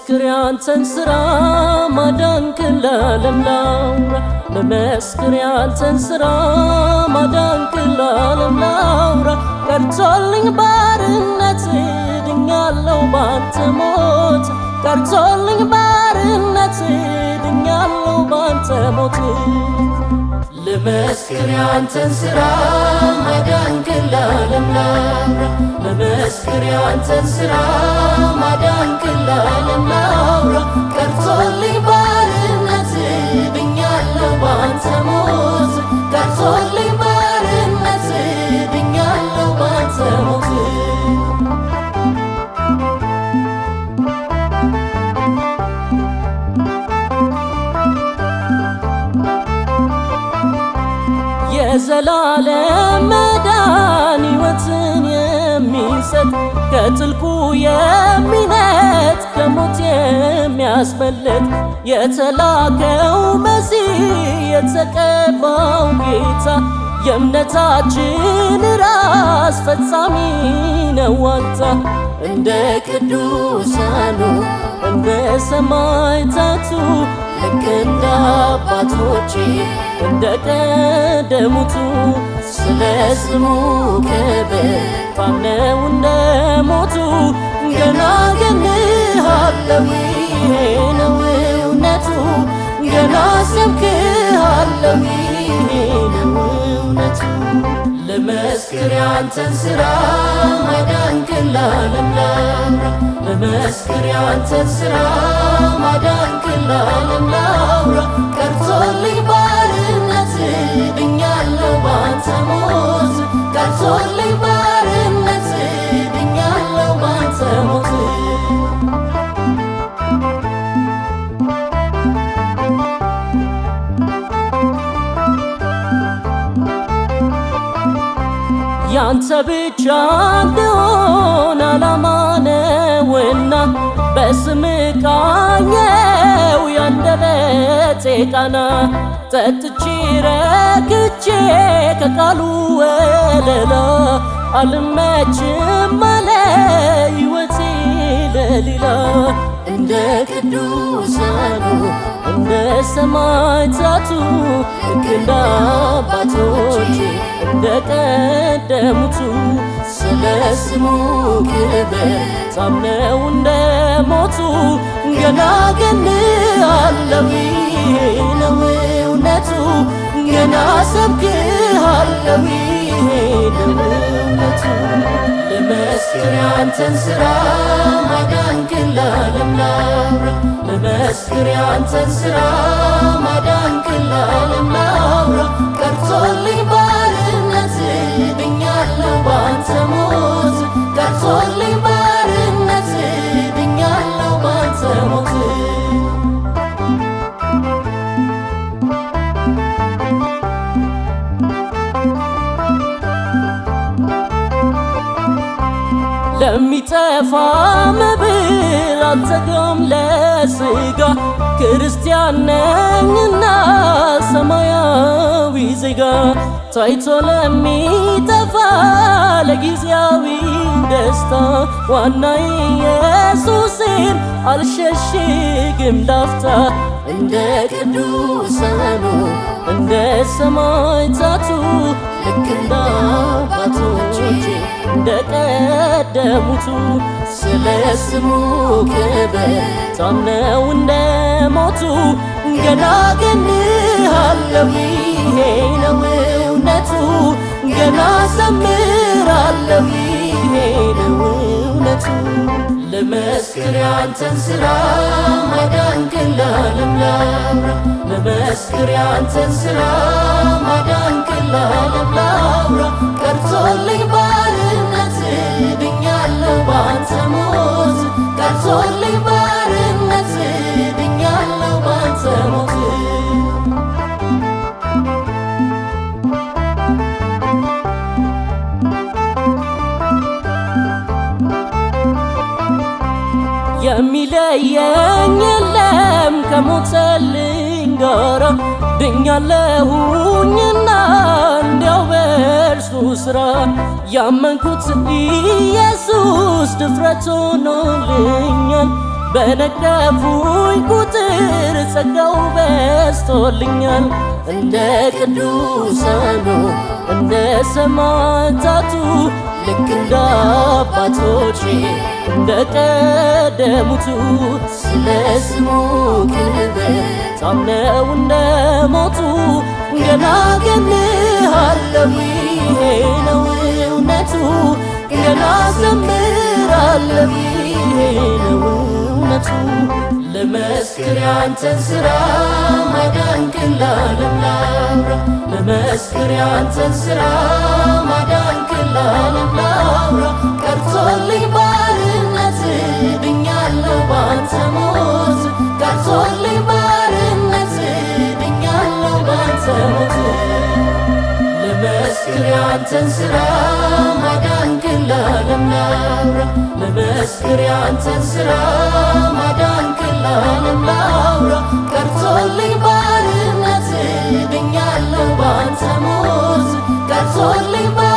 ልመስክር ያንተን ስራ ማዳንክን ለዓለም ላውራ ልመስክር ያንተን ስራ ማዳንክን ለዓለም ላውራ ቀርቶልኝ ባርነት ድኛለው ባንተ ሞት ቀርቶልኝ ባርነት ድኛለው ባንተ ሞት ልመስክር ያንተን ስራ ማዳንክን ለዓለም ላውራ ልመስክር ያንተን ስራ ማዳንክን ለዓለም ላውራ የዘላለም መዳን ሕይወትን የሚሰጥ ከጥልቁ የሚነት ከሞት የሚያስመልጥ የተላከው መሲህ የተቀባው ጌታ የእምነታችን ራስ ፈጻሚ ነው ዋልታ እንደ ቅዱሳኑ እንደ ሰማዕታቱ ልክ እንደ አባቶቼ እንደ ቀደሙቱ ስለ ስሙ ክብር ባምነው እንደ ሞቱ ገና ገንሃለው ይሄ ነው እውነቱ ገና ሰብክሃለው ይሄ ነው እውነቱ ለመስክር ያንተን ስራ ማዳንክን ለዓለም ያንተን ስራ ማዳንክን ቀርቶልኝ ያንተ ብቻ እንድሆን አላማ ነውና በስም ቃኘው ያንደበቴ ቃና ጠጥቼ ረክቼ ከቃሉ ወለላ አልመችም አለ ሕይወቴ ሌላ እንደ ቅዱሳኑ እንደ ሰማዕታቱ ልክ እንደ አባቶች እንደ ቀደሙቱ ስለ ስሙ ክብር ታምነው እንደ ሞቱ ገና ገን ነው እውነቱ ገና ሰብክ ነው እውነቱ መስክር ያንተን ስራ ማዳንክን ለዓለም መስክር ያንተን ስራ ማዳንክን ለዓለም ቀርቶልኝ ከሚጠፋ መብል አልተጋም ለስጋ ክርስቲያን ነኝና ሰማያዊ ዜጋ ታይቶ ለሚጠፋ ለጊዜያዊ ደስታ ዋና ኢየሱሴን አልሸሽግም ላፍታ እንደ ቅዱሳኑ እንደ ሰማዕታቱ ልክ እንደ አባቶች እንደ ቀደሙቱ ስለ ስሙ ክብር ታምነው እንደ ሞቱ ገና ገንሃለው ይሄ ነው እውነቱ ገና ዘምራለው ይሄ ነው በቸርነቱ ለመስክር ያንተን ስራ ማዳንክን ለዓለም ላውራ ለመስክር ያንተን ስራ ማዳንክን ለዓለም ላውራ ቀርቶልኝ ባርነት ድኛለሁ ባንተ ሞት ቀርቶልኝ የሚለየኝ የለም ከሞተልኝ ጋራ ድኛለሁኝና እንዲያው በእርሱ ስራ ያመንኩት ኢየሱስ ድፍረት ሆኖልኛል። በነቀፉኝ ቁጥር ጸጋው በስቶልኛል። እንደ ቅዱሳኑ እንደ ሰማዕታቱ ልክ እንደ አባቶቼ እንደ ቀደሙቱ ስለ ስሙ ክብር ታምነው እንደ ሞቱ ገናገንሃለው ይሄ ነው እውነቱ ገና ዘምራለው ይሄ ነው እውነቱ ለመስክር ያንተን ስራ ማዳንክን ለዓለም ላውራ ለመስክር ያንተን ስራ ማዳን ለዓለም ላውራ ያንተን ስራ ማዳንክን ለዓለም ላውራ ለመስክር ያንተን ስራ ላውራ ባርነት ድኛለሁ ባንተ ሞት